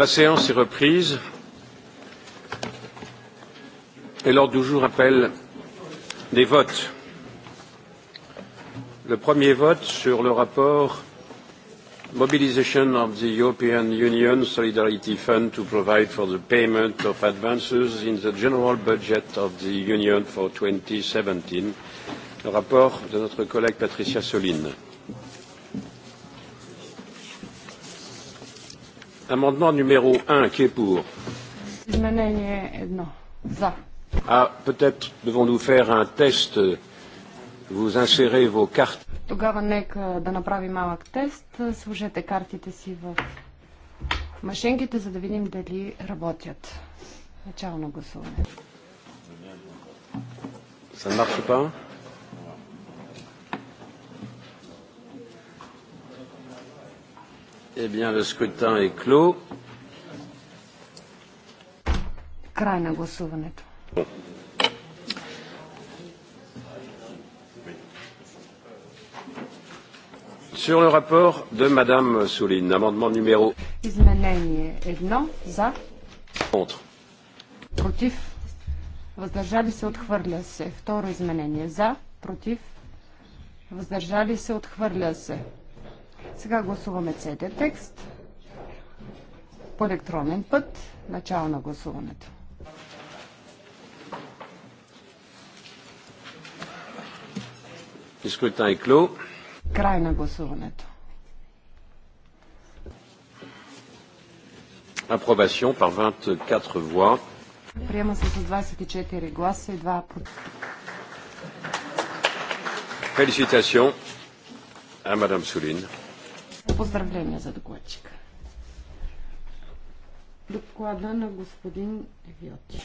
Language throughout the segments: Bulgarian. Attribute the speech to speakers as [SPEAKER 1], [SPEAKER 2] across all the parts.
[SPEAKER 1] La séance est reprise. Et l'ordre du jour appelle des votes. Le premier vote sur le rapport Mobilisation of the European Union Solidarity Fund to provide for the payment of advances in the general budget of the Union for 2017. Le rapport de notre collègue Patricia Soline. Amendement numéro 1, qui est pour
[SPEAKER 2] Изменение едно. За.
[SPEAKER 1] Ah, peut-être devons-nous faire un test. Vous insérez vos cartes.
[SPEAKER 2] Тогава нека да направим малък тест. Сложете картите си в машинките, за да видим дали работят. Начално гласуване.
[SPEAKER 1] Ça ne marche pas Eh bien, le scrutin est clos.
[SPEAKER 2] Край на гласуването.
[SPEAKER 1] Sur le rapport de Madame Souline, amendement numéro.
[SPEAKER 2] Изменение едно за. Contre. Против. Въздържали се, отхвърля се. Второ изменение за. Против. Въздържали се, отхвърля се. Сега гласуваме целият текст по електронен път. Начало на гласуването. клю. Край на гласуването.
[SPEAKER 1] Апробация par 24 voix.
[SPEAKER 2] Приема се с 24 гласа и 2 против.
[SPEAKER 1] Félicitations à Madame Souline.
[SPEAKER 2] Поздравления за докладчика. Доклада на господин Виоти.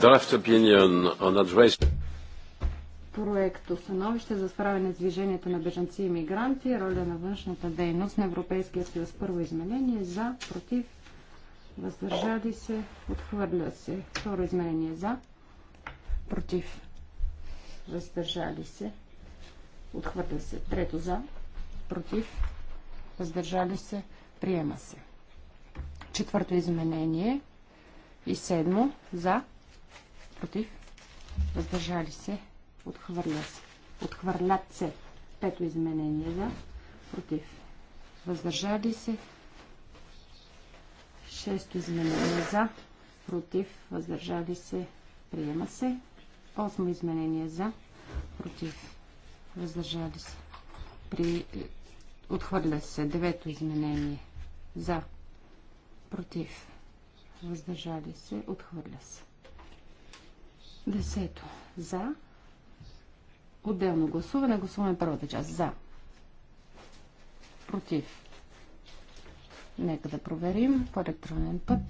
[SPEAKER 1] Draft opinion on address
[SPEAKER 2] Проект Становище за справяне с движението на бежанци и мигранти, роля на външната дейност на Европейския съюз. Първо изменение за, против, въздържали се, отхвърля се. Второ изменение за, против, въздържали се, отхвърля се. Трето за, против, въздържали се, приема се. Четвърто изменение и седмо за, против, въздържали се, отхвърля се. Отхвърлят се. Пето изменение за, против, въздържали се. Шесто изменение за, против, въздържали се, приема се. Осмо изменение за, против, въздържали се. При... Отхвърля се. Девето изменение за, против, въздържали се. Отхвърля се. Десето за. Отделно гласуване. Гласуваме първата част. За. Против. Нека да проверим по електронен път.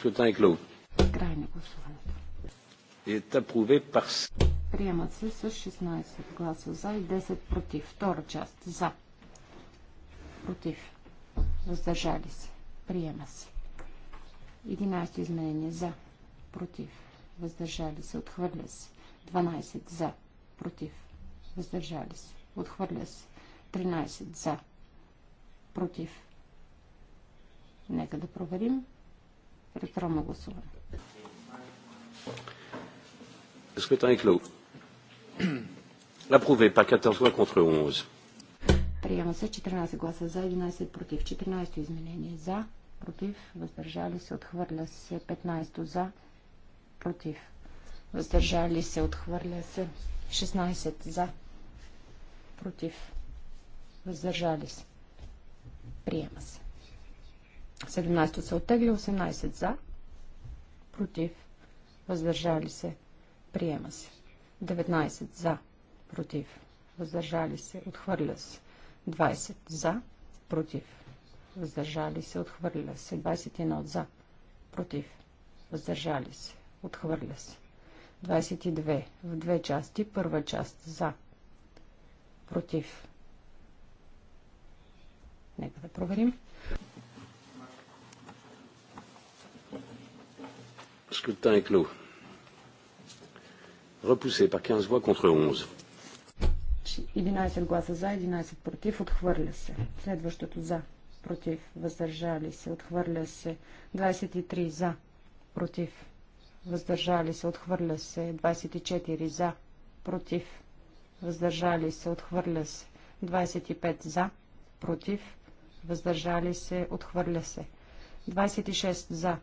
[SPEAKER 1] Скрутин гласуването.
[SPEAKER 2] Приемат се с 16 гласа за и 10 против. Втора част за. Против. Въздържали се. Приема се. 11 изменения за. Против. Въздържали се. Отхвърля се. 12 за. Против. Въздържали се. Отхвърля се. 13 за. Против. Нека да проверим електронно гласуване.
[SPEAKER 1] par 14 voix contre 11.
[SPEAKER 2] Приема се 14 гласа за, 11 против, 14 изменение за, против, въздържали се, отхвърля се, 15 за, против, въздържали се, отхвърля се, 16 за, против, въздържали се. Приема се. 17 се оттегли, 18 за, против, въздържали се, приема се. 19 за, против, въздържали се, отхвърля се. 20 за, против, въздържали се, отхвърля се. 21 за, против, въздържали се, отхвърля се. 22 в две части, първа част за, против. Нека да проверим.
[SPEAKER 1] Scrutin est clos. Repoussé par 15 voix contre 11.
[SPEAKER 2] 11 гласа за, 11 против, отхвърля се. Следващото за, против, въздържали се, отхвърля се. 23 за, против, въздържали се, отхвърля се. 24 за, против, въздържали се, отхвърля се. 25 за, против, въздържали се, отхвърля се. 26 за,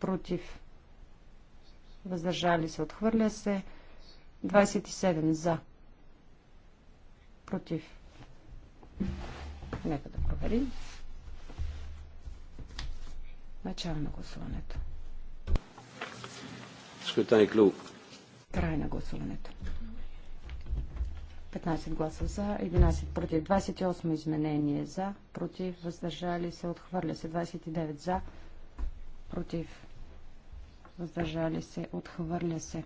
[SPEAKER 2] против, въздържали се, отхвърля се. 27 за, против. Нека да проверим. Начало на гласуването.
[SPEAKER 1] Скрута клуб.
[SPEAKER 2] Край на гласуването. 15 гласа за, 11 против, 28 изменение за, против, въздържали се, отхвърля се, 29 за, против, въздържали се, отхвърля се.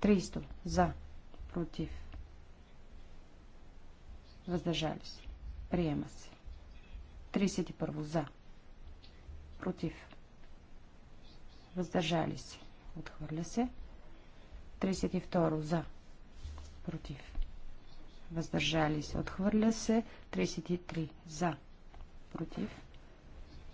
[SPEAKER 2] 300 за, против, въздържали се, приема се. 31 за, против, въздържали се, отхвърля се. 32 за, против, въздържали се, отхвърля се. 33 за, против,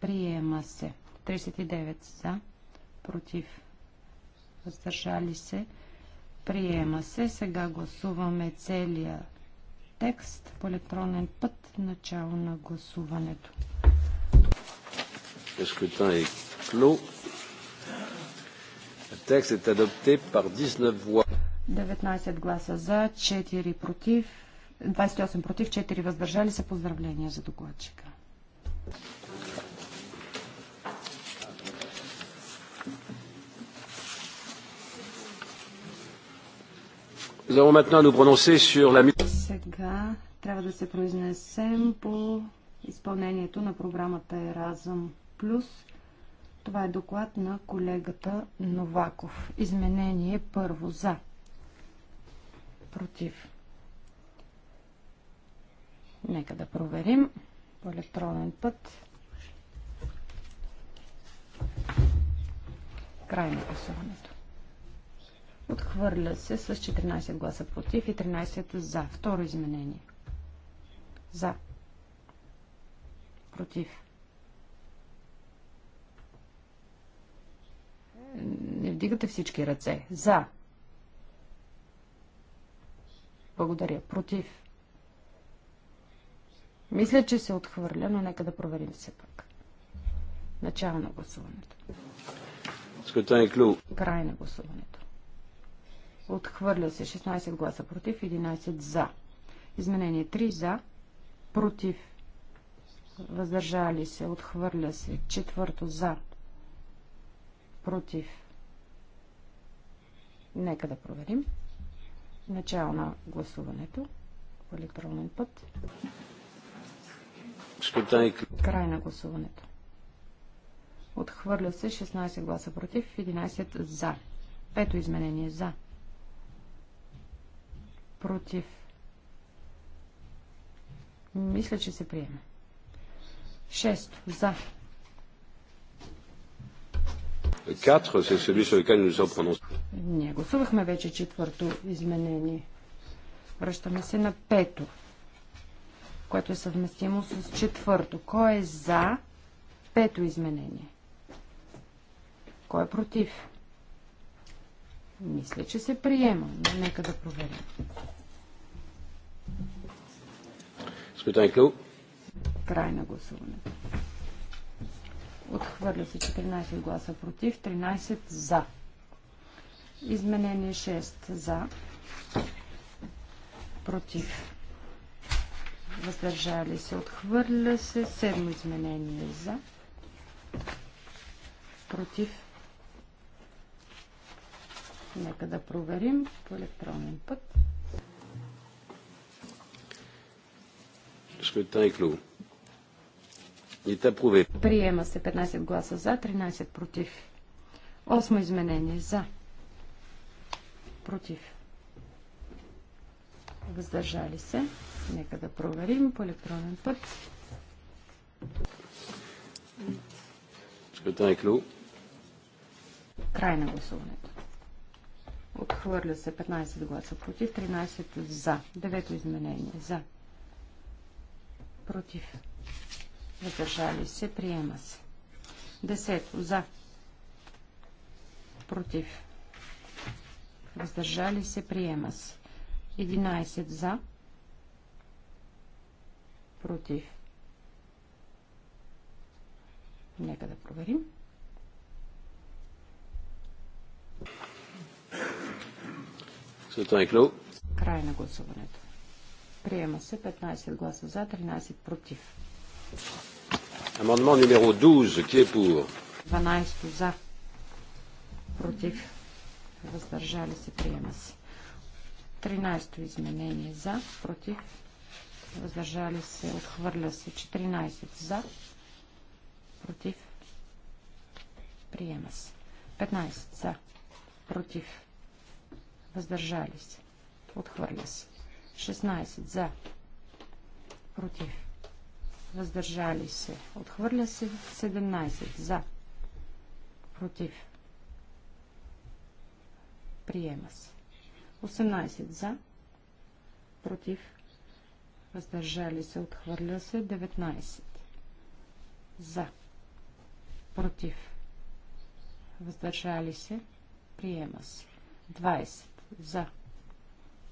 [SPEAKER 2] Приема се. 39 за. Против. Въздържали се. Приема се. Сега гласуваме целия текст по електронен път. Начало на гласуването.
[SPEAKER 1] е кло. Текстът е адопте пар 19 voix.
[SPEAKER 2] 19 гласа за, 4 против, 28 против, 4 въздържали се. Поздравления за докладчика.
[SPEAKER 1] Сега
[SPEAKER 2] трябва да се произнесем по изпълнението на програмата Еразъм Плюс. Това е доклад на колегата Новаков. Изменение първо за. Против. Нека да проверим по електронен път. Край на гласуването. Отхвърля се с 14 гласа против и 13 за. Второ изменение. За. Против. Не вдигате всички ръце. За. Благодаря. Против. Мисля, че се отхвърля, но нека да проверим все пак. Начало на гласуването.
[SPEAKER 1] Е Край на гласуването.
[SPEAKER 2] Отхвърля се 16 гласа против, 11 за. Изменение 3 за, против, въздържали се, отхвърля се. Четвърто за, против. Нека да проверим. Начало на гласуването по електронен път. Край на гласуването. Отхвърля се 16 гласа против, 11 за. Пето изменение за. Против. Мисля, че се приема. Шесто. За.
[SPEAKER 1] Катро се celui с lequel
[SPEAKER 2] Ние гласувахме вече четвърто изменение. Връщаме се на пето, което е съвместимо с четвърто. Кой е за пето изменение? Кой е против? Мисля, че се приема, но нека да проверим. Сметайкло. Край на гласуването. Отхвърля се 14 гласа против, 13 за. Изменение 6 за. Против. Въздържали се. Отхвърля се. Седмо изменение за. Против Нека да проверим по електронен
[SPEAKER 1] път. е
[SPEAKER 2] Приема се 15 гласа за, 13 против. Осмо изменение за. Против. Въздържали се. Нека да проверим по електронен път. Е Край на гласуването. Отхвърля се 15 гласа против, 13 за. Девето изменение за. Против. Въздържали се. Приема се. Десето за. Против. Въздържали се. Приема се. 11 за. Против.
[SPEAKER 1] Нека да проверим. Е Край на гласуването.
[SPEAKER 2] Приема се 15 гласа за, 13 против.
[SPEAKER 1] Амандмент номер 12, qui est
[SPEAKER 2] 12 за, против, въздържали се, приема се. 13 изменение за, против, въздържали се, отхвърля се. 14 за, против, приема се. 15 за, против, Въздържали се. Отхвърля се. 16 за. Против. Въздържали се. Отхвърля се. 17 за. Против. Приема се. 18 за. Против. Въздържали се. Отхвърля се. 19 за. Против. Въздържали се. Приема се. 20 за,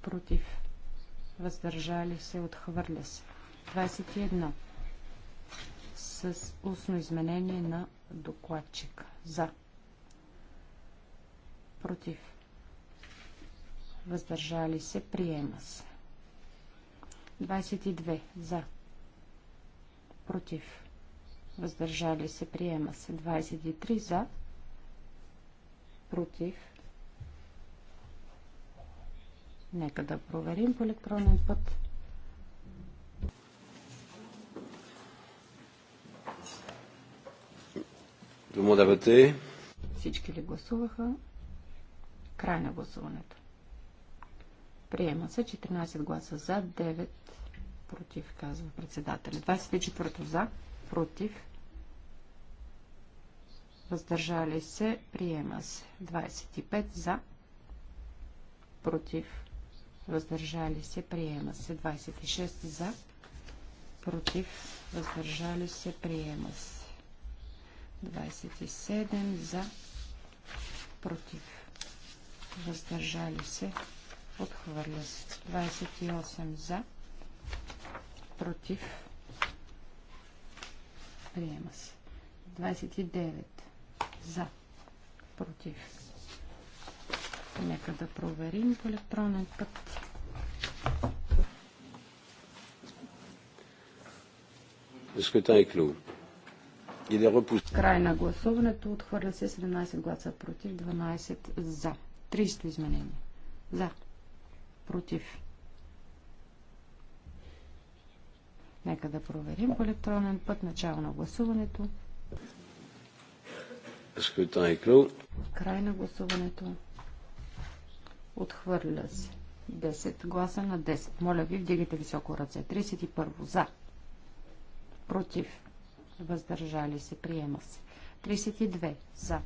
[SPEAKER 2] против, въздържали се, отхвърля се. 21. С устно изменение на докладчик. За. Против. Въздържали се. Приема се. 22. За. Против. Въздържали се. Приема се. 23. За. Против Нека да проверим по електронен път.
[SPEAKER 1] Домодавате.
[SPEAKER 2] Всички ли гласуваха? Край на гласуването. Приема се 14 гласа за, 9 против, казва председателя. 24 за, против, въздържали се, приема се. 25 за, против, въздържали се, приема се. 26 за, против, въздържали се, приема се. 27 за, против, въздържали се, отхвърля се. 28 за, против, приема се. 29 за, против. Нека да проверим по електронен път. Край на гласуването. Отхвърля се 17 гласа против, 12 за. 300 изменения. За. Против. Нека да проверим по електронен път начало на гласуването. Край на гласуването. Отхвърля се. 10 гласа на 10. Моля ви, вдигайте високо ръце. 31 за. Против. Въздържали се. Приема се. 32 за.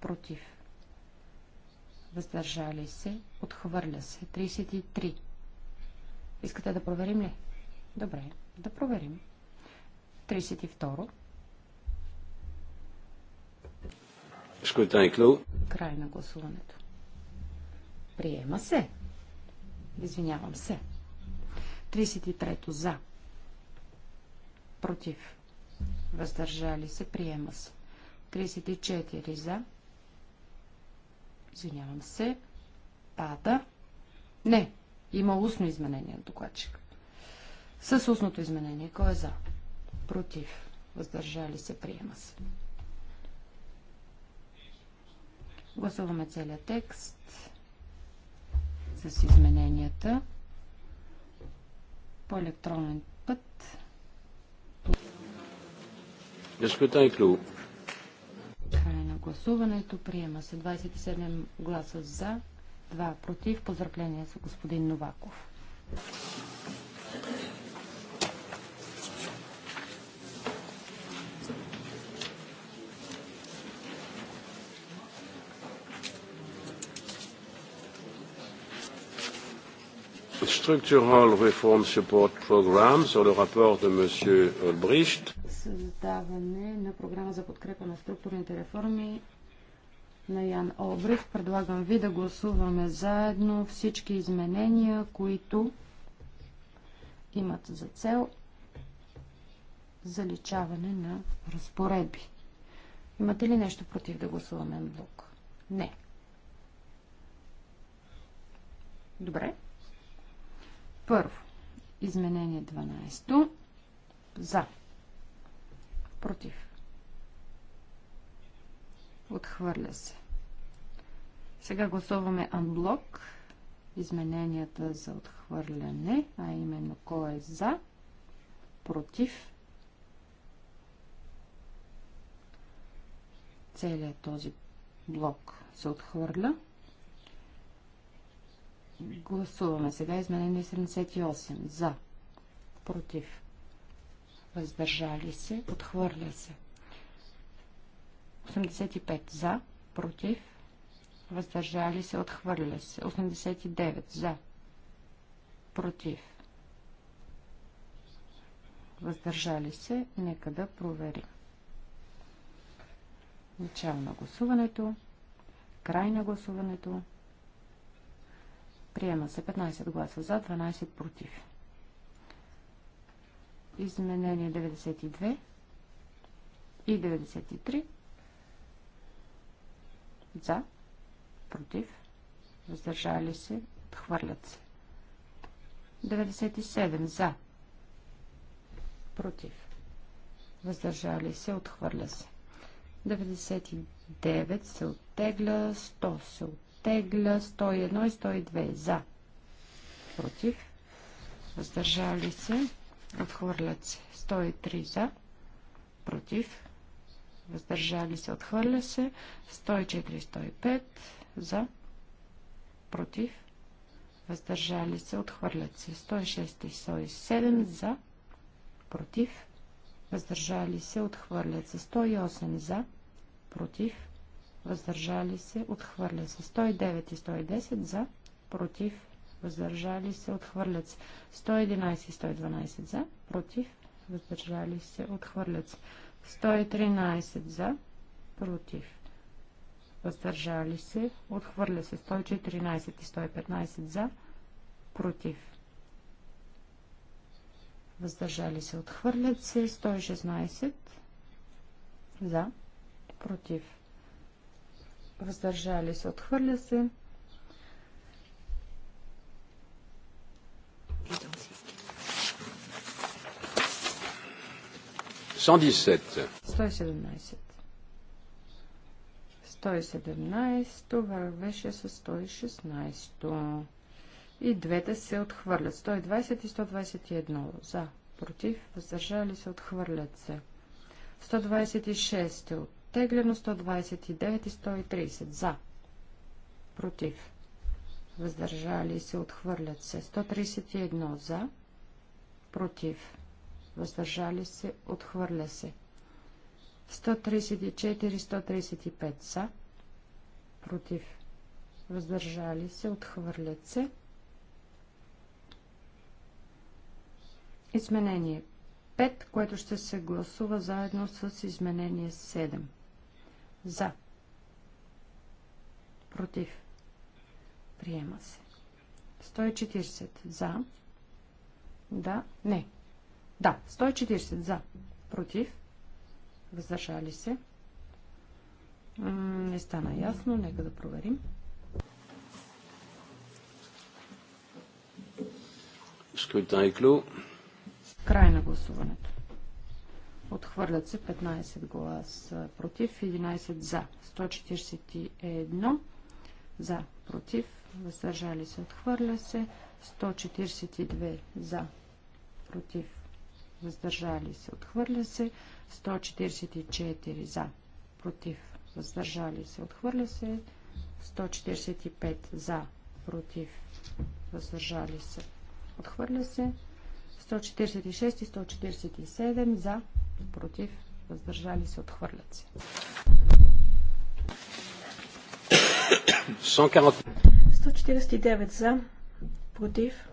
[SPEAKER 2] Против. Въздържали се. Отхвърля се. 33. Искате да проверим ли? Добре, да проверим. 32. Край на гласуването. Приема се. Извинявам се. 33 за. Против. Въздържали се. Приема се. 34 за. Извинявам се. Пада. Не. Има устно изменение на докладчик. С устното изменение. Кой е за? Против. Въздържали се. Приема се. Гласуваме целият текст с измененията по електронен път. Край на гласуването. Приема се 27 гласа за, 2 против. Поздравление за господин Новаков.
[SPEAKER 1] Structural Reform Support Program sur le rapport de Monsieur Olbricht.
[SPEAKER 2] Създаване на програма за подкрепа на структурните реформи на Ян Олбрих. Предлагам ви да гласуваме заедно всички изменения, които имат за цел заличаване на разпоредби. Имате ли нещо против да гласуваме блок? Не. Добре. Първо, изменение 12. За. Против. Отхвърля се. Сега гласуваме анблок. Измененията за отхвърляне, а именно кой е за, против. Целият този блок се отхвърля. Гласуваме сега изменение 78. За. Против. Въздържали се. Отхвърля се. 85. За. Против. Въздържали се. Отхвърля се. 89. За. Против. Въздържали се. Нека да проверим. Начало на гласуването. Край на гласуването. Приема се 15 гласа за, 12 против. Изменение 92 и 93 за, против, въздържали се, хвърлят се. 97 за, против, въздържали се, отхвърля се. 99 се оттегля, 100 се оттегля оттегля 101 и 102 за. Против. Въздържали се. Отхвърлят се. 103 за. Против. Въздържали се. Отхвърля се. 104 105 за. Против. Въздържали се. Отхвърлят се. 106 и 107 за. Против. Въздържали се. Отхвърлят се. 108 за. Против въздържали се, отхвърля се. 109 и 110 за, против, въздържали се, отхвърлят се. 111 и 112 за, против, въздържали се, отхвърлят се. 113 за, против, въздържали се, отхвърля се. 114 и 115 за, против, въздържали се, отхвърлят се. 116 за, против, въздържали се, отхвърля се. Сто и седемнайсет. 117, това беше с 116. И двете се отхвърлят. 120 и 121. За, против, въздържали се, отхвърлят се. 126 е от оттеглено 129 и 130 за, против, въздържали се, отхвърлят се 131 за, против, въздържали се, отхвърля се 134 135 за, против, въздържали се, отхвърлят се. Изменение 5, което ще се гласува заедно с изменение 7. За. Против. Приема се. 140 за. Да. Не. Да. 140 за. Против. Въздържали се. Не стана ясно. Нека да проверим. Скрутен е Край на гласуването. Отхвърлят се 15 гласа против, 11 за. 141 за против, въздържали се, отхвърля се. 142 за против, въздържали се, отхвърля се. 144 за против, въздържали се, отхвърля се. 145 за против, въздържали се, отхвърля се. 146 и 147 за против, въздържали се, отхвърлят се. 149
[SPEAKER 3] за, против,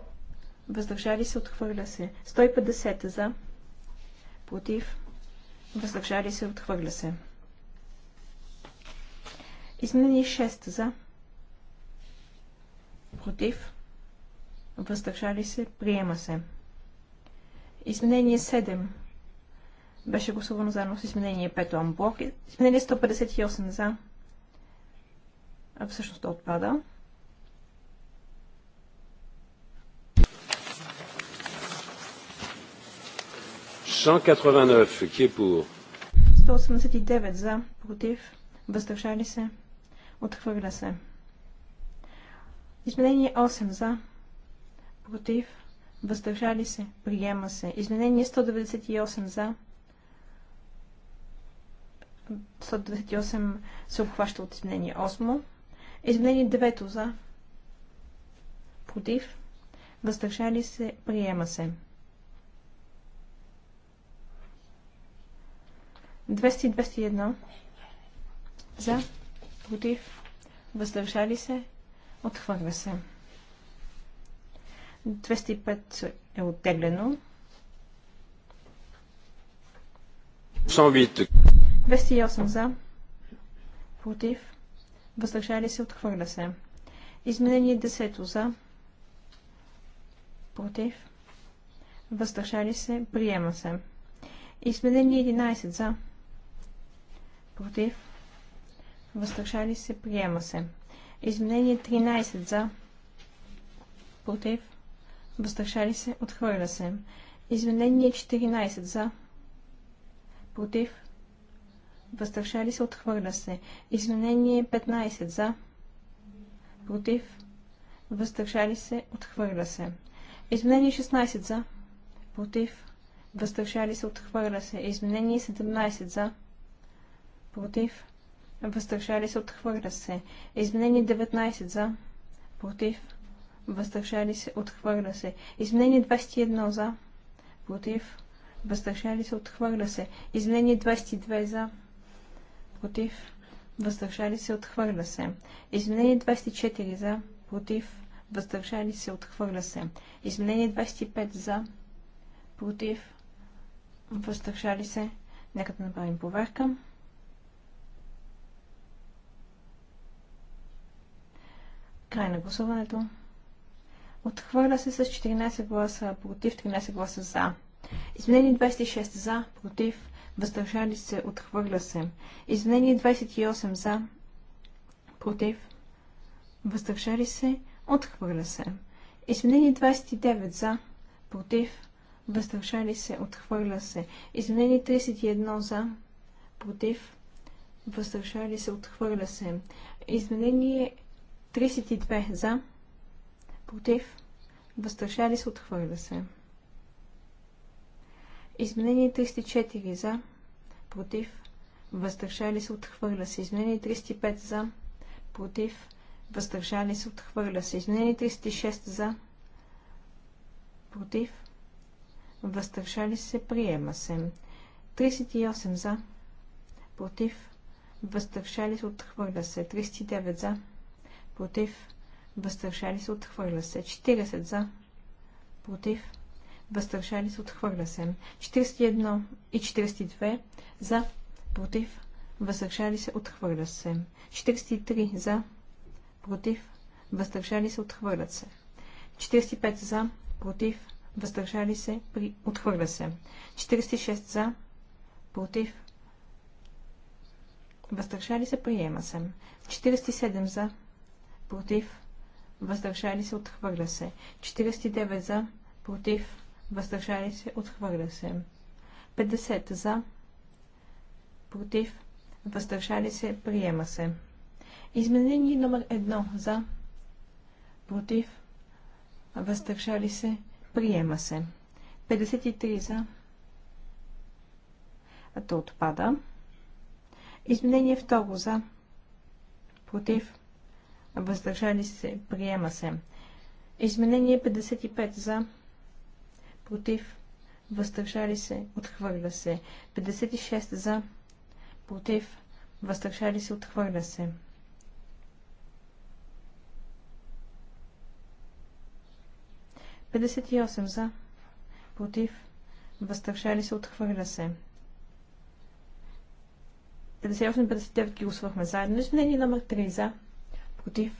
[SPEAKER 3] въздържали се, отхвърля се. 150 за, против, въздържали се, отхвърля се. Изменение 6 за, против, въздържали се, приема се. Изменение 7 беше гласувано заедно с изменение 5 амблок. Изменение 158 за. А всъщност то отпада.
[SPEAKER 1] qui est pour
[SPEAKER 3] 189 за, против, въздържали се, отхвърля се. Изменение 8 за, против, въздържали се, приема се. Изменение 198 за, 128 се обхваща от изменение 8. Изменение 9 за. Против. Въздържали се. Приема се. 221. за. Против. Въздържали се. Отхвърля се. 205 е оттеглено.
[SPEAKER 1] 108.
[SPEAKER 3] 208 за. Против. Въздържали се. Отхвърля се. Изменение 10 за. Против. Въздържали се. Приема се. Изменение 11 за. Против. Въздържали се. Приема се. Изменение 13 за. Против. Въздържали се. Отхвърля се. Изменение 14 за. Против въздържали се, отхвърля се. Изменение 15 за, против, въздържали се, отхвърля се. Изменение 16 за, против, въздържали се, отхвърля се. Изменение 17 за, против, въздържали се, отхвърля се. Изменение 19 за, против, въздържали се, отхвърля се. Изменение 21 за, против, въздържали се, отхвърля се. Изменение 22 за, против, въздържали се, отхвърля се. Изменение 24 за, против, въздържали се, отхвърля се. Изменение 25 за, против, въздържали се. Нека да направим проверка. Край на гласуването. Отхвърля се с 14 гласа против, 13 гласа за. Изменение 26 за, против, въздържали се, отхвърля се. Изменение 28 за, против, въздържали се, отхвърля се. Извинение 29 за, против, въздържали се, отхвърля се. Извинение 31 за, против, въздържали се, отхвърля се. Извинение 32 за, против, въздържали се, отхвърля се. Изменение 304 за, против, въздържали се, отхвърля се. Изменение 305 за, против, въздържали се, отхвърля се. Изменение 306 за, против, въздържали се, приема се. 38 за, против, въздържали се, отхвърля се. 39 за, против, въздържали се, отхвърля се. 40 за, против, Възстрашали се, отхвърля се. 41 и 42 за, против, въздържали се, отхвърля се. 43 за, против, въздържали се, отхвърля се. 45 за, против, въздържали се, при... отхвърля се. 46 за, против, въздържали се, приема се. 47 за, против, въздържали се, отхвърля се. 49 за, против, въздържали се, отхвърля се. 50 за, против, въздържали се, приема се. Изменение номер 1 за, против, въздържали се, приема се. 53 за, а то отпада. Изменение второ за, против, въздържали се, приема се. Изменение 55 за, против, въздържали се, отхвърля се. 56 за, против, въздържали се, отхвърля се. Петдесет и осем за, против, въздържали се, отхвърля се. 58-59 ги гласувахме заедно. Изменение номер 3 за, против,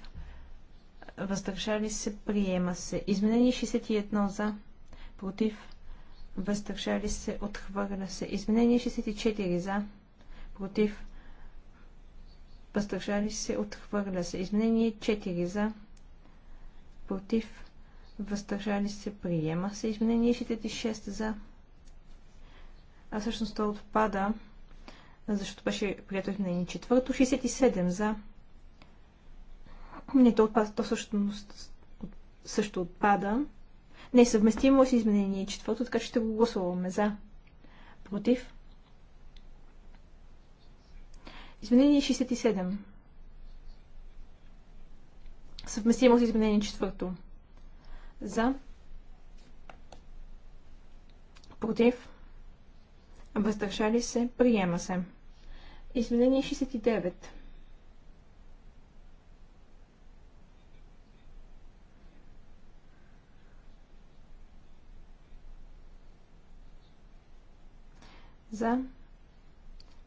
[SPEAKER 3] въздържали се, приема се. Изменение 61 за, против, въздържали се, отхвърля се. Изменение 64 за, против, въздържали се, отхвърля се. Изменение 4 за, против, въздържали се, приема се. Изменение 66 за, а всъщност то отпада, защото беше прието изменение четвърто. 67 за, не, то, отпада, то всъщност също отпада несъвместимо с изменение четвърто, така че ще го гласуваме за. Против. Изменение 67. Съвместимо с изменение четвърто. За. Против. Въздържали се. Приема се. Изменение 69. За.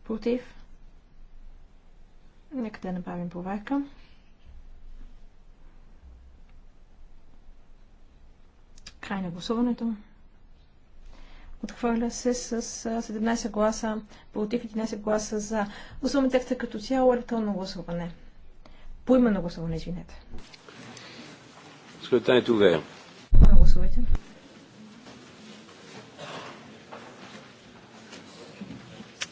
[SPEAKER 3] Против. Нека да направим проверка. Край на гласуването. Отхвърля се с 17 гласа против и 11 гласа за. Гласуваме текста като цяло електронно гласуване. Поименно гласуване, извинете.
[SPEAKER 1] Скрутането е. Гласувайте.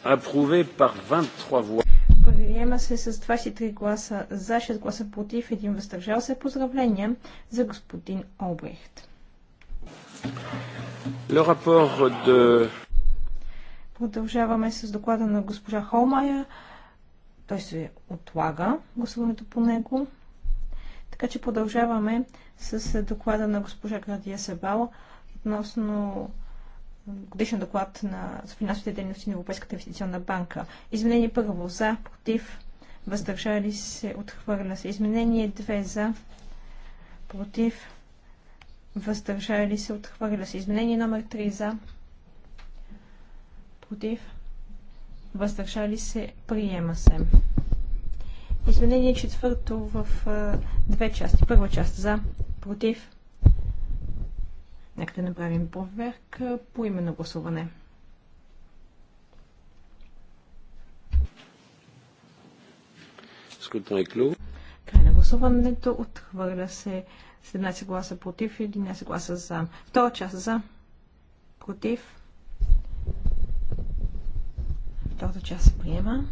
[SPEAKER 1] Approuvé par 23 voix.
[SPEAKER 3] Приема се с 23 гласа за, 6 гласа против, един въздържал се. Поздравления за господин Обрехт.
[SPEAKER 1] Le rapport de...
[SPEAKER 3] Продължаваме с доклада на госпожа Холмайер. Той се отлага гласуването по него. Така че продължаваме с доклада на госпожа Градия Сабал относно годишен доклад на финансовите дейности на Европейската инвестиционна банка. Изменение първо за, против, въздържали се, отхвърля се. Изменение 2 за, против, въздържали се, отхвърля се. Изменение номер 3 за, против, въздържали се, приема се. Изменение четвърто в две части. Първа част за, против, Нека да направим проверка по име на гласуване.
[SPEAKER 1] Е Край
[SPEAKER 3] на гласуването отхвърля се 17 гласа против и 11 гласа за. Втора част за. Против. Втората част се приема.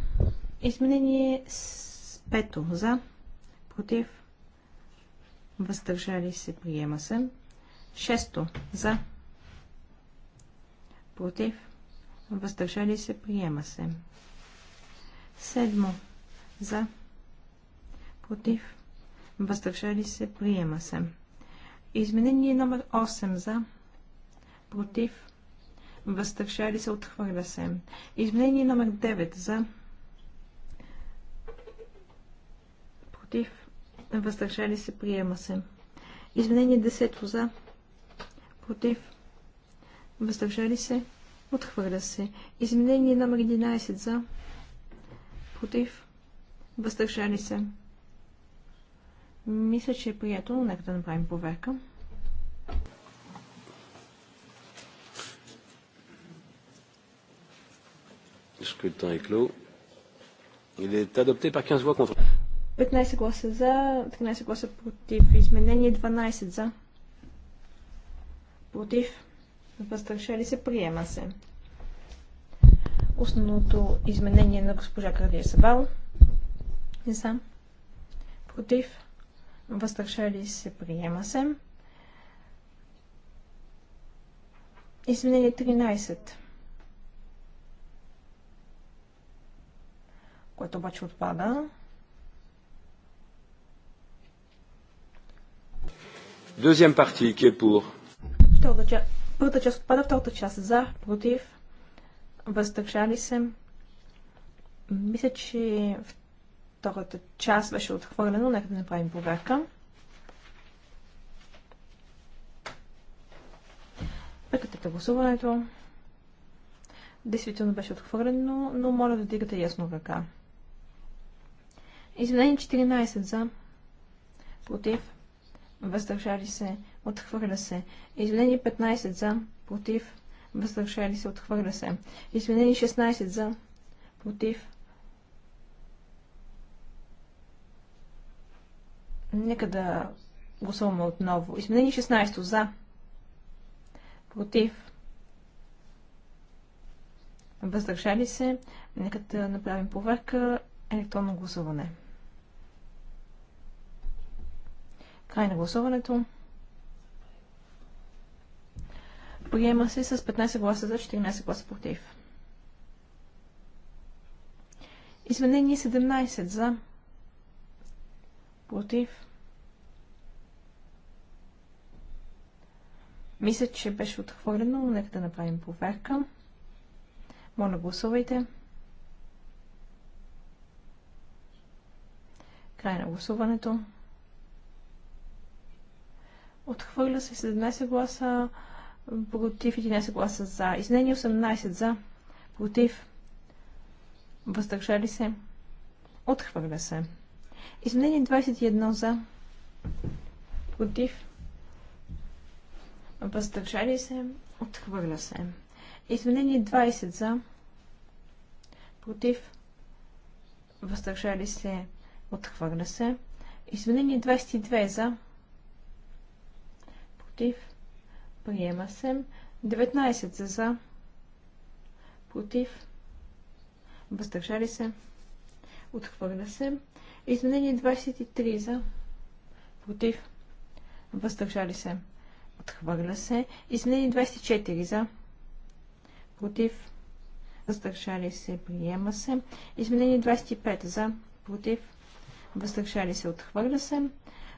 [SPEAKER 3] Изменение с пето за. Против. Въздържали се. Приема се. Шесто. За. Против. Въздържали се. Приема се. Седмо. За. Против. Въздържали се. Приема се. Изменение номер 8. За. Против. Въздържали се. Отхвърля се. Изменение номер 9. За. Против. Въздържали се. Приема се. Изменение 10. За. Против против, въздържали се, отхвърля се. Изменение номер 11 за, против, въздържали се. Мисля, че е прието, нека да направим проверка.
[SPEAKER 1] Scrutin est clos. Il est adopté par 15 voix contre.
[SPEAKER 3] 15 гласа за, 13 гласа против. Изменение 12 за против, въздържали се, приема се. Основното изменение на госпожа Кравия Сабал. Не сам. Против, въздържали се, приема се. Изменение 13. което обаче отпада.
[SPEAKER 1] Deuxième partie, qui est pour
[SPEAKER 3] Втората част, първата част отпада, втората част за, против, въздържали се. Мисля, че втората част беше отхвърлено. Нека да направим проверка. Прекратете гласуването. Действително беше отхвърлено, но моля да дигате ясно ръка. Извинени 14 за, против, въздържали се, отхвърля се. Изменение 15 за, против, въздържали се, отхвърля се. Изменение 16 за, против. Нека да гласуваме отново. Изменение 16 за, против, въздържали се. Нека да направим проверка електронно гласуване. Край на гласуването. Приема се с 15 гласа за, 14 гласа против. Изменение 17 за. Против. Мисля, че беше отхвърлено, но нека да направим проверка. Моля, гласувайте. Край на гласуването. Отхвърля се 17 гласа против 11 гласа за. изнени 18 за, против, въздържали се, отхвърля се. Изменение 21 за, против, въздържали се, отхвърля се. Изменение 20 за, против, въздържали се, отхвърля се. Изменение 22 за, против, Приема се. 19 за за. Против. Въздържали се. Отхвърля се. Изменение 23 за. Против. Въздържали се. Отхвърля се. Изменение 24 за. Против. Въздържали се. Приема се. Изменение 25 за. Против. Въздържали се. Отхвърля се.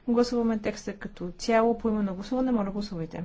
[SPEAKER 3] Гласуваме текста като цяло. По именно гласуване, моля гласувайте.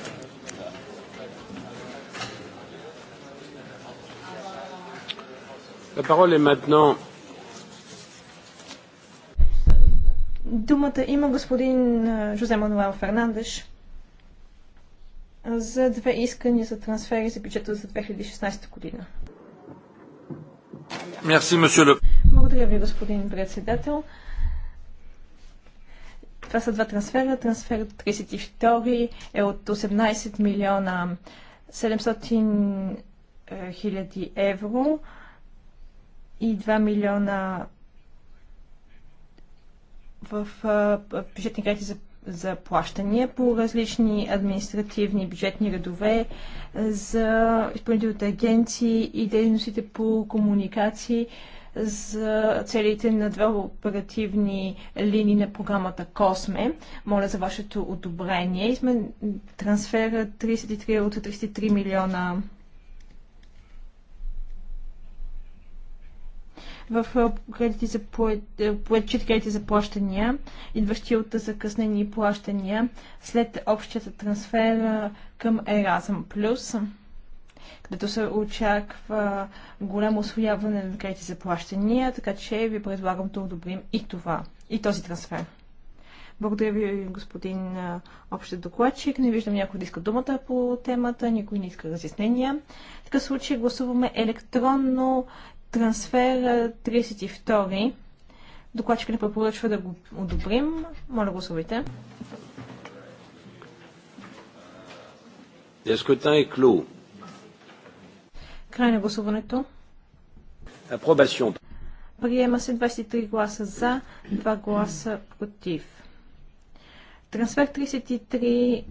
[SPEAKER 1] La parole est maintenant
[SPEAKER 3] Думата има господин Жозе Мануел Фернандеш за две искания за трансфери за бюджета за 2016 година. Благодаря ви, господин председател. Това са два трансфера. Трансфер 32 е от 18 милиона 700 е, хиляди евро и 2 милиона в бюджетни кредити за, за плащания по различни административни бюджетни редове за изпълнителните агенции и дейностите по комуникации за целите на две оперативни линии на програмата Косме. Моля за вашето одобрение. сме трансфера 33 от 33 милиона в кредити за поет кредити за плащания, идващи от закъснени плащания след общата трансфер към Erasm+, където се очаква голямо освояване на кредити за плащания, така че ви предлагам да одобрим и това, и този трансфер. Благодаря ви, господин общ докладчик. Не виждам някой да иска думата по темата, никой не иска разяснения. В такъв случай гласуваме електронно Трансфер 32. Докладчика не препоръчва да го одобрим. Моля, гласувайте.
[SPEAKER 1] Дескотан е клю.
[SPEAKER 3] Край на гласуването.
[SPEAKER 1] Апробацион.
[SPEAKER 3] Приема се 23 гласа за, 2 гласа против. Трансфер 33.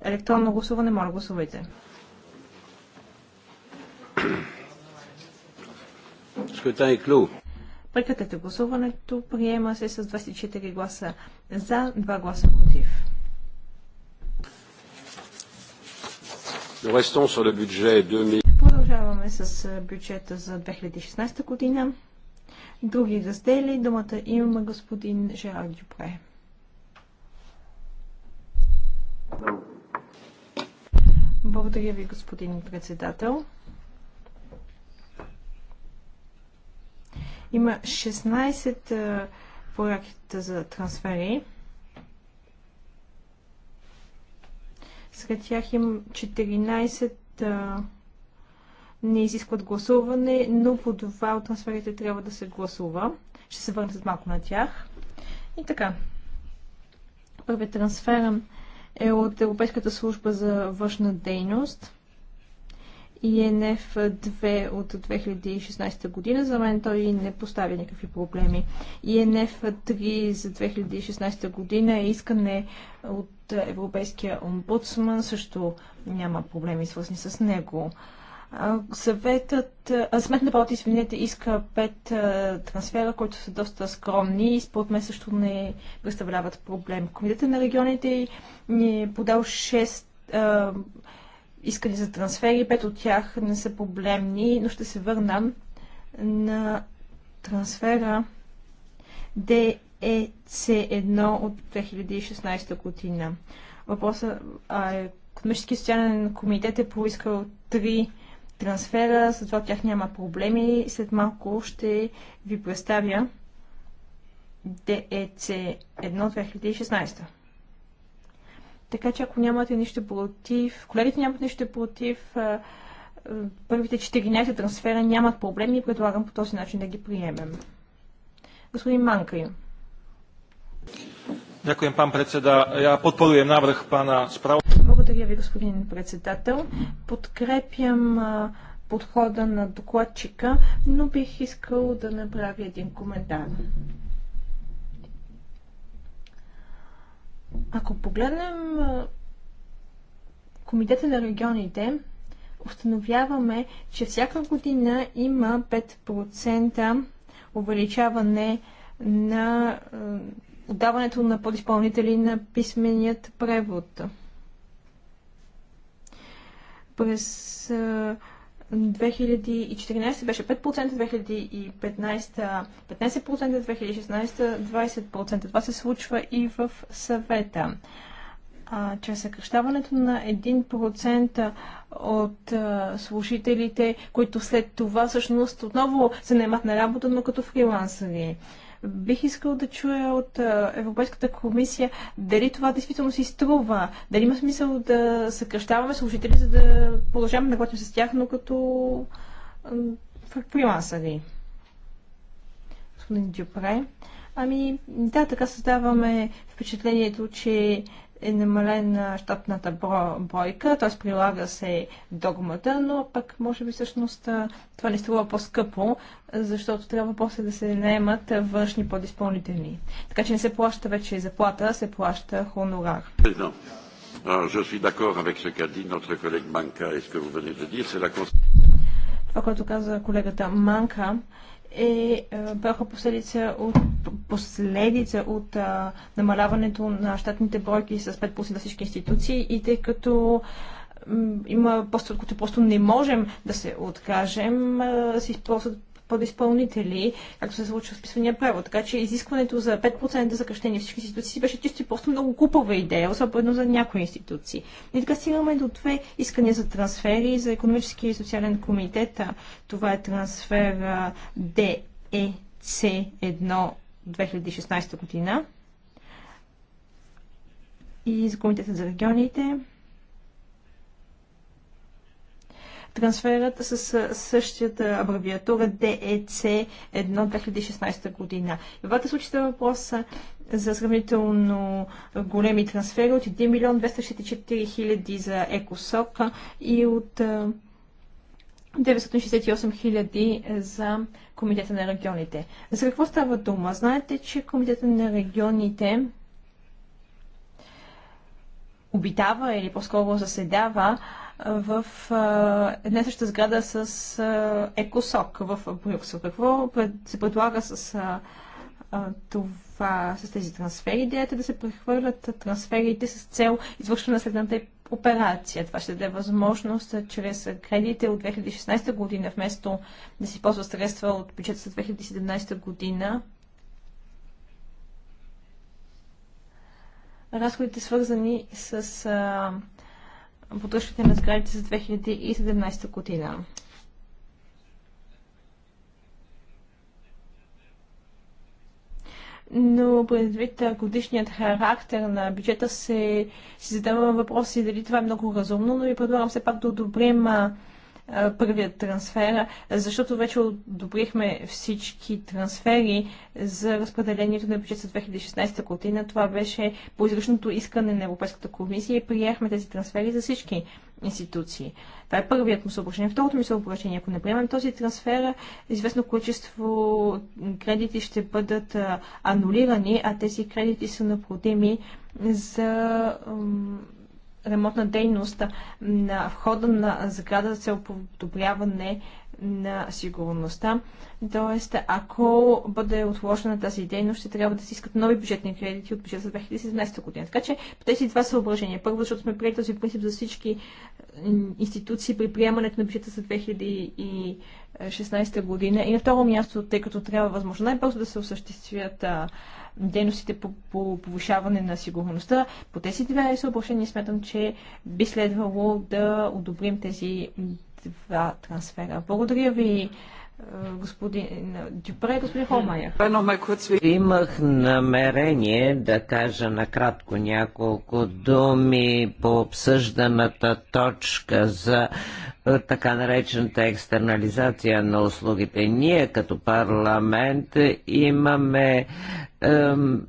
[SPEAKER 3] Електронно гласуване. Моля, гласувайте.
[SPEAKER 1] Скрута е клю.
[SPEAKER 3] Прекратете гласуването. Приема се с 24 гласа за, 2 гласа против. Продължаваме с бюджета за 2016 година. Други раздели. Думата има господин Жерар Дюпре. Благодаря ви, господин председател. Има 16 проекта за трансфери. Сред тях има 14 не изискват гласуване, но по това от трансферите трябва да се гласува. Ще се върна след малко на тях. И така. Първият трансфер е от Европейската служба за външна дейност. ИНФ 2 от 2016 година. За мен той не поставя никакви проблеми. ИНФ 3 за 2016 година е искане от Европейския омбудсман. Също няма проблеми свързани с него. Съветът, сметна палата, извинете, иска пет трансфера, които са доста скромни и според мен също не представляват проблем. Комитета на регионите ни е подал 6 а, искали за трансфери. Пет от тях не са проблемни, но ще се върна на трансфера DEC1 е от 2016 година. Въпросът е Економически социален комитет е поискал три трансфера, затова тях няма проблеми. След малко ще ви представя DEC 1 2016. Така че ако нямате нищо против, колегите нямат нищо против, първите 14 трансфера нямат проблеми и предлагам по този начин да ги приемем. Господин Манкри.
[SPEAKER 4] Дякуем, пан председа. Я подпорвам навръх пана справа.
[SPEAKER 3] Благодаря ви, господин председател. Подкрепям подхода на докладчика, но бих искал да направя един коментар. Ако погледнем Комитета на регионите, установяваме, че всяка година има 5% увеличаване на отдаването на подиспълнители на писменият превод. През 2014 беше 5%, 2015 15%, 2016 20%. Това се случва и в съвета. А, чрез съкръщаването на 1% от а, служителите, които след това всъщност отново се наемат на работа, но като фрилансери. Бих искал да чуя от Европейската комисия дали това действително си струва, дали има смисъл да съкръщаваме служители, за да продължаваме да работим с тях, но като фрилансъри. Господин Дюпре. Ами, да, така създаваме впечатлението, че е намалена щатната бройка, т.е. прилага се догмата, но пък може би всъщност това не струва по-скъпо, защото трябва после да се наемат външни подиспълнители. Така че не се плаща вече заплата, а се плаща хонорар.
[SPEAKER 1] Je suis d'accord avec ce qu'a dit notre collègue Manka et ce que vous venez de dire, c'est la
[SPEAKER 3] Това, което каза колегата Манка, е, е бяха последица от, последица от а, намаляването на щатните бройки с 5% на всички институции и тъй като има постове, от които просто не можем да се откажем, си използват подизпълнители, както се случва в списвания право. Така че изискването за 5% съкръщение всички институции беше чисто и просто много купава идея, особено за някои институции. И така стигаме до две искания за трансфери за економически и социален комитет. Това е трансфер DEC1 2016 година и за комитета за регионите трансферът с същата абревиатура DEC 1-2016 година. В двата случаи въпроса за сравнително големи трансфери от 1 милион 264 хиляди за ЕКОСОК и от 968 хиляди за Комитета на регионите. За какво става дума? Знаете, че Комитета на регионите обитава или по-скоро заседава в а, една съща сграда с а, екосок в Брюксел. Какво пред, се предлага с а, а, това, с тези трансфери? Идеята е да се прехвърлят трансферите с цел извършване на следната операция. Това ще даде възможност чрез кредите от 2016 година, вместо да си ползва средства от бюджета за 2017 година, разходите свързани с а, поддържате на сградите за 2017 година. но предвид годишният характер на бюджета се, се задавам въпроси дали това е много разумно, но ви предлагам все пак да одобрим първият трансфер, защото вече одобрихме всички трансфери за разпределението на бюджет за 2016 година. Това беше по изръчното искане на Европейската комисия и приехме тези трансфери за всички институции. Това е първият му съображение. Второто ми съображение, ако не приемем този трансфер, известно количество кредити ще бъдат анулирани, а тези кредити са необходими за ремонтна дейност на входа на сграда за подобряване на сигурността. Тоест, ако бъде отложена тази дейност, ще трябва да се искат нови бюджетни кредити от бюджета за 2017 година. Така че по тези два съображения. Първо, защото сме приели този принцип за всички институции при приемането на бюджета за 2017 2016 година. И на второ място, тъй като трябва възможно най-бързо да се осъществят а, дейностите по, по повишаване на сигурността. По тези две съобщения смятам, че би следвало да одобрим тези два трансфера. Благодаря ви господин Дюпре, господин Холмайер.
[SPEAKER 4] Имах намерение да кажа накратко няколко думи по обсъжданата точка за е, така наречената екстернализация на услугите. Ние като парламент имаме ем,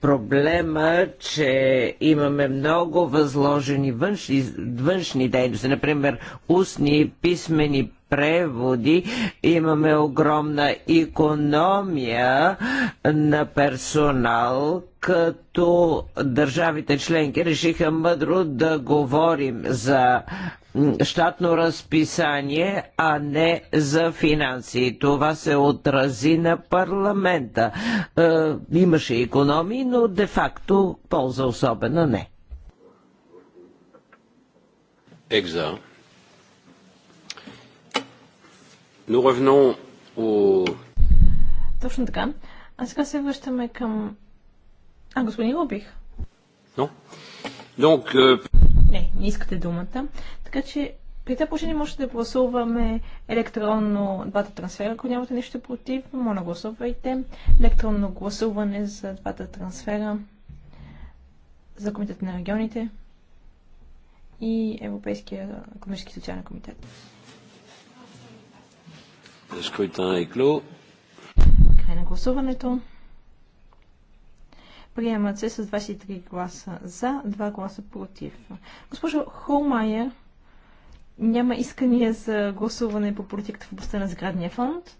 [SPEAKER 4] проблема, че имаме много възложени външни, външни дейности, например устни и писмени преводи, имаме огромна економия на персонал, като държавите членки решиха мъдро да говорим за щатно разписание, а не за финанси. Това се отрази на парламента. Е, имаше економии, но де-факто полза особена не.
[SPEAKER 1] Екза.
[SPEAKER 3] Точно така. А сега се връщаме към... А, господин Лобих.
[SPEAKER 1] Но. Donc, euh...
[SPEAKER 3] Не, не искате думата. Така че при това положение може да гласуваме електронно двата трансфера. Ако нямате нещо против, моля гласувайте. Електронно гласуване за двата трансфера за Комитет на регионите и Европейския економически социален комитет. Е Край на гласуването. Приемат се с 23 гласа за, 2 гласа против. Госпожо Холмайер, няма искания за гласуване по политиката в областта на сградния фонд.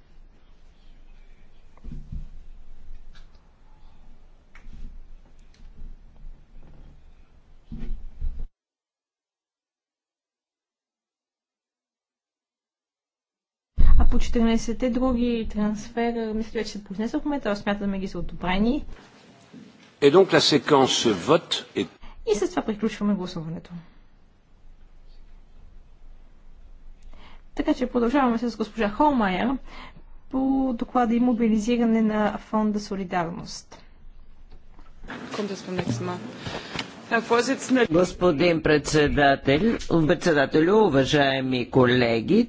[SPEAKER 3] А по 14-те други трансфера, мисля, че се произнесохме, т.е. смятаме ги за одобрени.
[SPEAKER 1] donc la séquence vote est...
[SPEAKER 3] И с това приключваме гласуването. Така че продължаваме с госпожа Холмайер по доклада и мобилизиране на фонда Солидарност.
[SPEAKER 4] Господин председател, председателю, уважаеми колеги,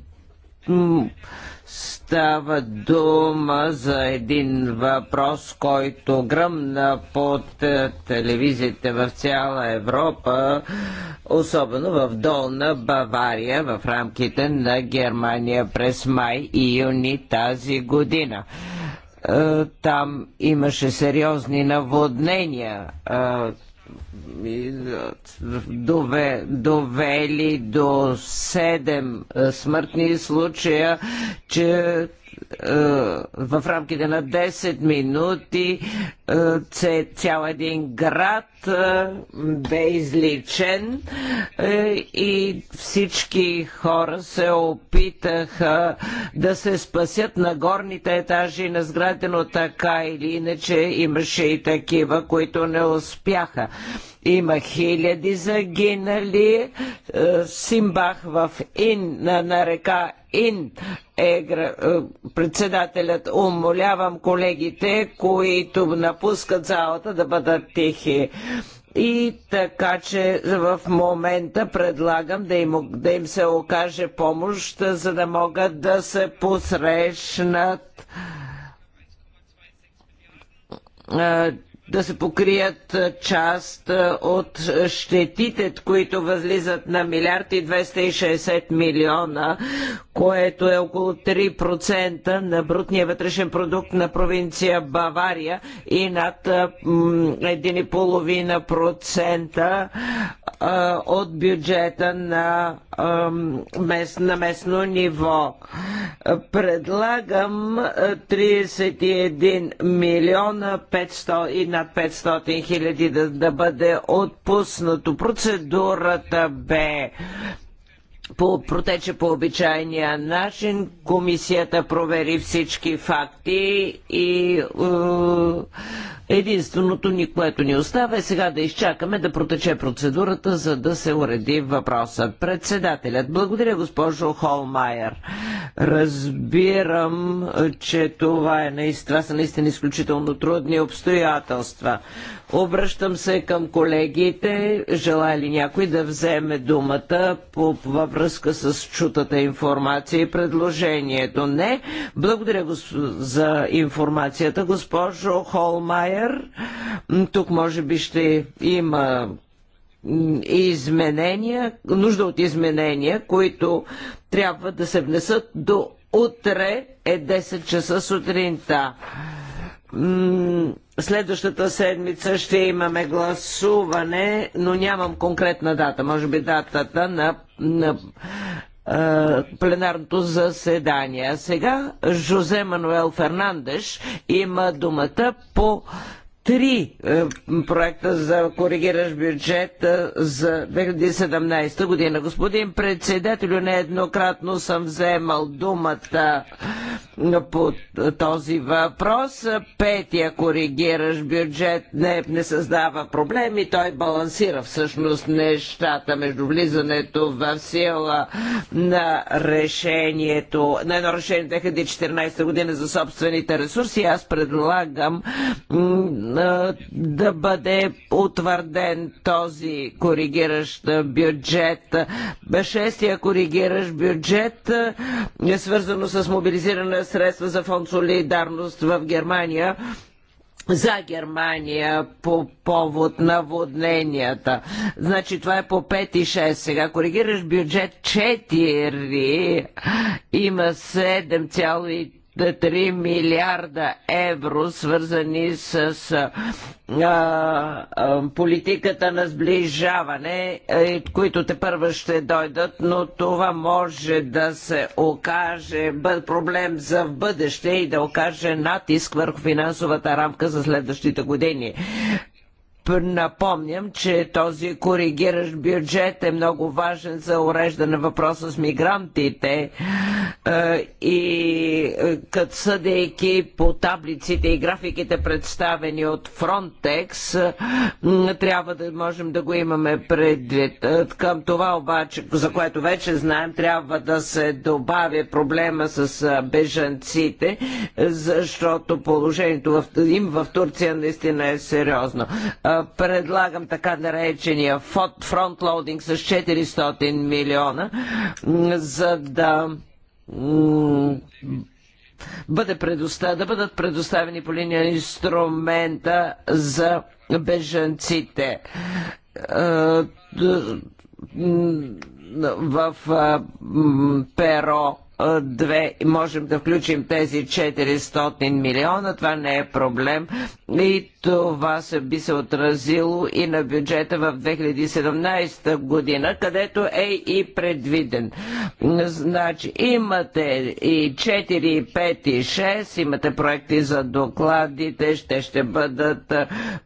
[SPEAKER 4] Става дума за един въпрос, който гръмна под е, телевизиите в цяла Европа, особено в Долна Бавария, в рамките на Германия през май и юни тази година е, там имаше сериозни наводнения. Е, дове, довели до 7 смъртни случая, че в рамките на 10 минути е, е, цял един град е, бе изличен и всички хора се опитаха да се спасят на горните етажи на сградите, но така или иначе имаше и такива, които не успяха. Има хиляди загинали. Симбах в Ин, на, на река Ин, е, председателят, умолявам колегите, които на напускат залата, да бъдат тихи. И така, че в момента предлагам да им, да им се окаже помощ, за да могат да се посрещнат да се покрият част от щетите, които възлизат на милиард и 260 милиона, което е около 3% на брутния вътрешен продукт на провинция Бавария и над 1,5% от бюджета на, мест, на местно ниво. Предлагам 31 милиона 500 и над 500 хиляди да, да бъде отпуснато. Процедурата бе по, протече по обичайния начин. Комисията провери всички факти и е, единственото, ни, което ни остава е сега да изчакаме да протече процедурата, за да се уреди въпросът. Председателят, благодаря госпожо Холмайер. Разбирам, че това, е, това са наистина изключително трудни обстоятелства. Обръщам се към колегите. Желая ли някой да вземе думата по, във връзка с чутата информация и предложението? Не. Благодаря за информацията, госпожо Холмайер. Тук може би ще има изменения, нужда от изменения, които трябва да се внесат до утре е 10 часа сутринта Следващата седмица ще имаме гласуване, но нямам конкретна дата. Може би датата на, на пленарното заседание. А сега Жозе Мануел Фернандеш има думата по три е, проекта за коригираш бюджет е, за 2017 година. Господин председател, нееднократно съм вземал думата е, по този въпрос. Петия коригираш бюджет не, не създава проблеми, той балансира всъщност нещата между влизането в сила на решението, на едно решение 2014 година за собствените ресурси. Аз предлагам да бъде утвърден този коригиращ бюджет. Шестия коригиращ бюджет е свързано с мобилизиране на средства за фонд солидарност в Германия за Германия по повод наводненията. Значи това е по 5 и 6. Сега коригираш бюджет 4. Има 7,3 3 милиарда евро, свързани с а, а, политиката на сближаване, е, които те първа ще дойдат, но това може да се окаже проблем за в бъдеще и да окаже натиск върху финансовата рамка за следващите години. Напомням, че този коригиращ бюджет е много важен за уреждане въпроса с мигрантите е, и е, като съдейки по таблиците и графиките представени от Frontex, е, трябва да можем да го имаме предвид. Към това обаче, за което вече знаем, трябва да се добави проблема с бежанците, защото положението им в Турция наистина е сериозно Предлагам така наречения фронтлоудинг с 400 милиона, за да бъде предостав... да бъдат предоставени по линия инструмента за бежанците. В перо две, можем да включим тези 400 милиона, това не е проблем и това се би се отразило и на бюджета в 2017 година, където е и предвиден. Значи имате и 4, и 5, и 6, имате проекти за докладите, ще ще бъдат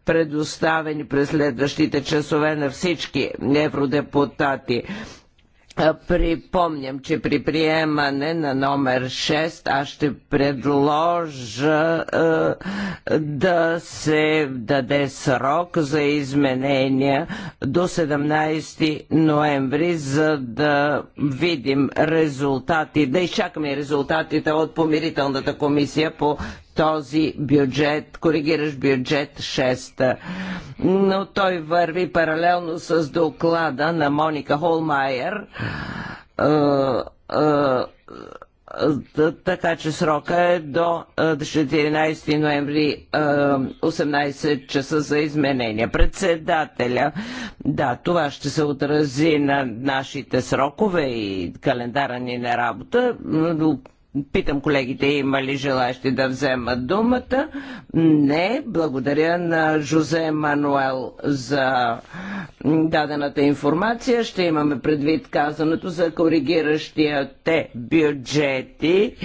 [SPEAKER 4] предоставени през следващите часове на всички евродепутати. Припомням, че при приемане на номер 6 аз ще предложа да се даде срок за изменения до 17 ноември, за да видим резултати, да изчакаме резултатите от помирителната комисия по този бюджет, коригираш бюджет 6. Но той върви паралелно с доклада на Моника Холмайер така че срока е до 14 ноември 18 часа за изменения. Председателя, да, това ще се отрази на нашите срокове и календара ни на работа. Питам колегите, има ли желащи да вземат думата? Не. Благодаря на Жозе Мануел за дадената информация. Ще имаме предвид казаното за те бюджети.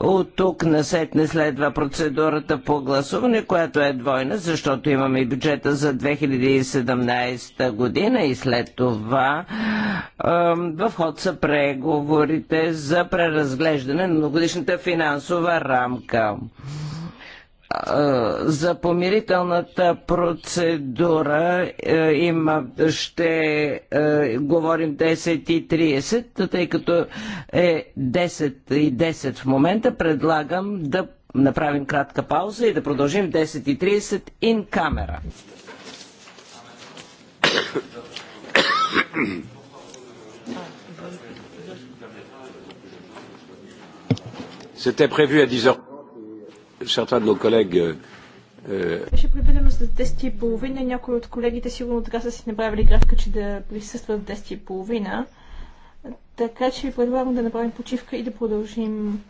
[SPEAKER 4] От тук на сет не следва процедурата по гласуване, която е двойна, защото имаме и бюджета за 2017 година и след това в ход са преговорите за преразглеждане на многогодишната финансова рамка за помирителната процедура е, има, ще е, говорим 10.30, тъй като е 10 и 10 в момента, предлагам да направим кратка пауза и да продължим 10.30 ин камера.
[SPEAKER 1] C'était prévu à 10h. Certains de nos collègues euh, euh,
[SPEAKER 3] беше предвидено за 10.30. Някои от колегите сигурно така са си направили графика, че да присъстват в 10.30. Така че ви предлагам да направим почивка и да продължим